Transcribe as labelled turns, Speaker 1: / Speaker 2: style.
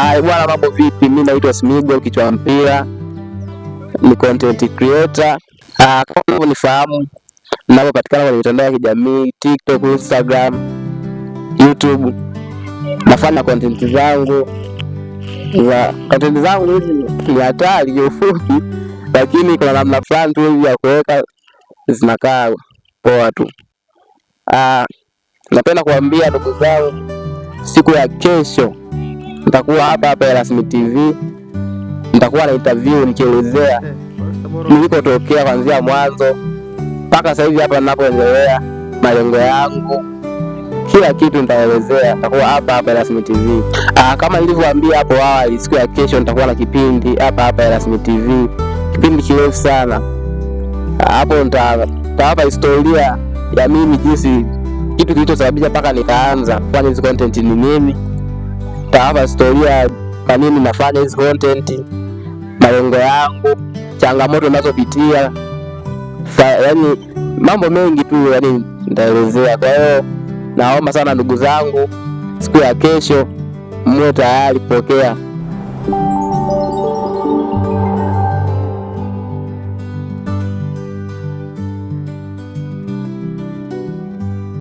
Speaker 1: Hai bwana, mambo vipi? Mimi naitwa Smigo kichwa mpira, ni content creator. Ah, kama unavyonifahamu, ninapopatikana kwenye mitandao ya kijamii TikTok, Instagram, YouTube, nafanya content zangu za content zangu hizi ni hatari kiufupi, lakini kuna namna fulani tu ya kuweka zinakaa poa tu. Ah, napenda kuambia ndugu zangu, siku ya kesho nitakuwa hapa hapa Erasmi TV, nitakuwa na interview nikielezea eh, nilikotokea kuanzia mwanzo mpaka sasa hivi hapa ninapoendelea, malengo yangu, kila kitu nitaelezea, nitakuwa hapa hapa Erasmi TV. Aa, ah, kama nilivyoambia hapo awali, siku ya kesho nitakuwa na kipindi hapa hapa Erasmi TV, kipindi kirefu sana. Hapo nitawapa historia ya mimi jinsi kitu kilichosababisha mpaka nikaanza kufanya hizo content ni nini tawapa historia kwa nini nafanya hizi content, malengo yangu, changamoto ninazopitia, yani mambo mengi tu, yani nitaelezea. Kwa hiyo naomba sana ndugu zangu, siku ya kesho mwe tayari kupokea